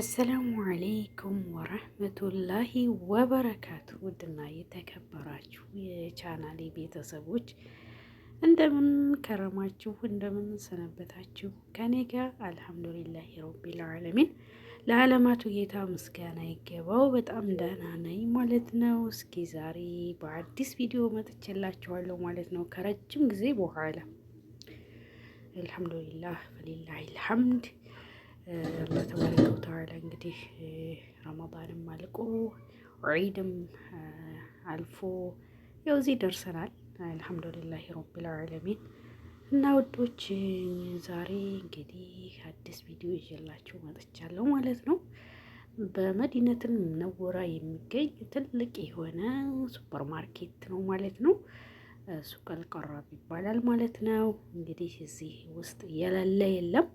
አሰላሙ አሌይኩም ወረህመቱላሂ ወበረካቱ። ውድና የተከበራችሁ የቻናሌ ቤተሰቦች እንደምን ከረማችሁ? እንደምን ሰነበታችሁ? ከኔ ጋር አልሐምዱሊላሂ ረቢል ዓለሚን ለዓለማቱ ጌታ ምስጋና ይገባው። በጣም ደህና ነኝ ማለት ነው። እስኪ ዛሬ በአዲስ ቪዲዮ መጥቼላችኋለሁ ማለት ነው ከረጅም ጊዜ በኋላ አልሐምዱሊላህ ወሊላሂል ሐምድ አላህ ተባረከ ወተዓላ እንግዲህ ረመዳንም አልቆ ዒድም አልፎ ያው እዚህ ደርሰናል። አልሐምዱሊላህ ረቢል ዓለሚን እና ውዶች ዛሬ እንግዲህ አዲስ ቪዲዮ ይዤላችሁ መጥቻለሁ ማለት ነው። በመዲነት ነወራ የሚገኝ ትልቅ የሆነ ሱፐር ማርኬት ነው ማለት ነው። ሱቅ አልቀራብ ይባላል ማለት ነው። እንግዲህ እዚህ ውስጥ የሌለ የለም።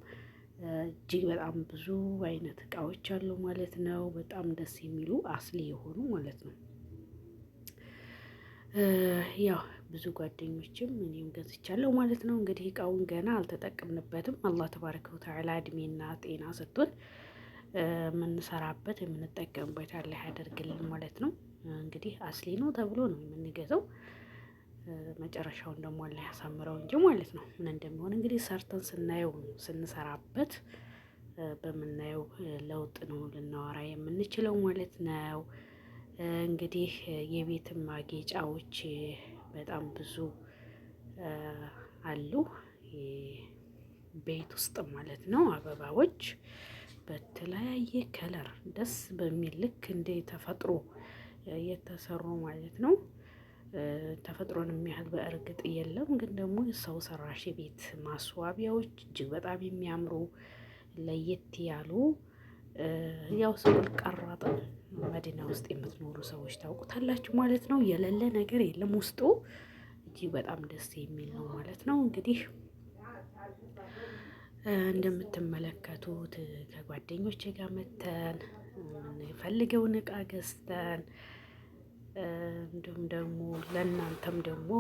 እጅግ በጣም ብዙ አይነት እቃዎች አሉ ማለት ነው። በጣም ደስ የሚሉ አስሊ የሆኑ ማለት ነው። ያው ብዙ ጓደኞችም እኔም ገዝቻለሁ ማለት ነው። እንግዲህ እቃውን ገና አልተጠቀምንበትም። አላህ ተባረከ ወተዓላ እድሜና ጤና ሰጥቶን የምንሰራበት የምንጠቀምበት አላህ ያደርግልን ማለት ነው። እንግዲህ አስሊ ነው ተብሎ ነው የምንገዛው። መጨረሻውን ደግሞ አላህ ያሳምረው እንጂ ማለት ነው። ምን እንደሚሆን እንግዲህ ሰርተን ስናየው ስንሰራበት በምናየው ለውጥ ነው ልናወራ የምንችለው ማለት ነው። እንግዲህ የቤት ማጌጫዎች በጣም ብዙ አሉ፣ ቤት ውስጥ ማለት ነው። አበባዎች በተለያየ ከለር ደስ በሚል ልክ እንደ ተፈጥሮ የተሰሩ ማለት ነው። ተፈጥሮን የሚያህል በእርግጥ የለም። ግን ደግሞ ሰው ሰራሽ የቤት ማስዋቢያዎች እጅግ በጣም የሚያምሩ ለየት ያሉ ያው ሰው ቀራጥ መዲና ውስጥ የምትኖሩ ሰዎች ታውቁታላችሁ ማለት ነው። የሌለ ነገር የለም ውስጡ እጅግ በጣም ደስ የሚል ነው ማለት ነው። እንግዲህ እንደምትመለከቱት ከጓደኞች ጋር መተን የምንፈልገውን እቃ ገዝተን እንዲሁም ደግሞ ለእናንተም ደግሞ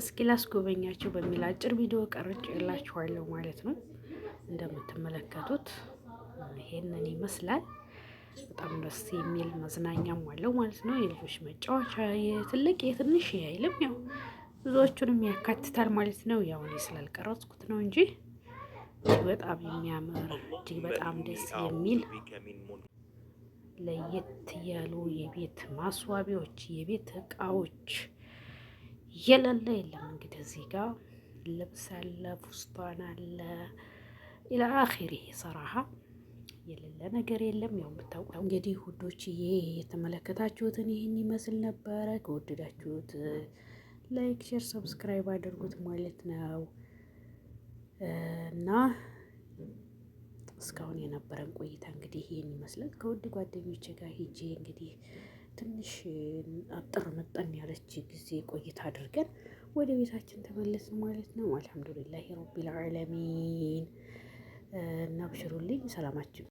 እስኪ ላስጎበኛችሁ በሚል አጭር ቪዲዮ ቀርጭ የላችኋለሁ ማለት ነው። እንደምትመለከቱት ይሄንን ይመስላል። በጣም ደስ የሚል መዝናኛም አለው ማለት ነው። የልጆች መጫወቻ የትልቅ የትንሽ አይልም፣ ያው ብዙዎቹንም ያካትታል ማለት ነው። ያው እኔ ስላልቀረጽኩት ነው እንጂ በጣም የሚያምር እጅግ በጣም ደስ የሚል ለየት ያሉ የቤት ማስዋቢያዎች፣ የቤት እቃዎች የለለ የለም። እንግዲህ እዚህ ጋር ልብስ አለ፣ ፉስታን አለ ኢላአኺሪ ሰራሃ የሌለ ነገር የለም። ያው የምታውቁ እንግዲህ ውዶች ይሄ የተመለከታችሁትን ይህን ይመስል ነበረ። ከወደዳችሁት ላይክ፣ ሼር፣ ሰብስክራይብ አድርጉት ማለት ነው እና እስካሁን የነበረን ቆይታ እንግዲህ ይህን ይመስላል። ከውድ ጓደኞቼ ጋር ሂጄ እንግዲህ ትንሽ አጠር መጠን ያለች ጊዜ ቆይታ አድርገን ወደ ቤታችን ተመለስን ማለት ነው። አልሐምዱሊላ ረቢል ዓለሚን እና ብሽሩልኝ ሰላማችሁ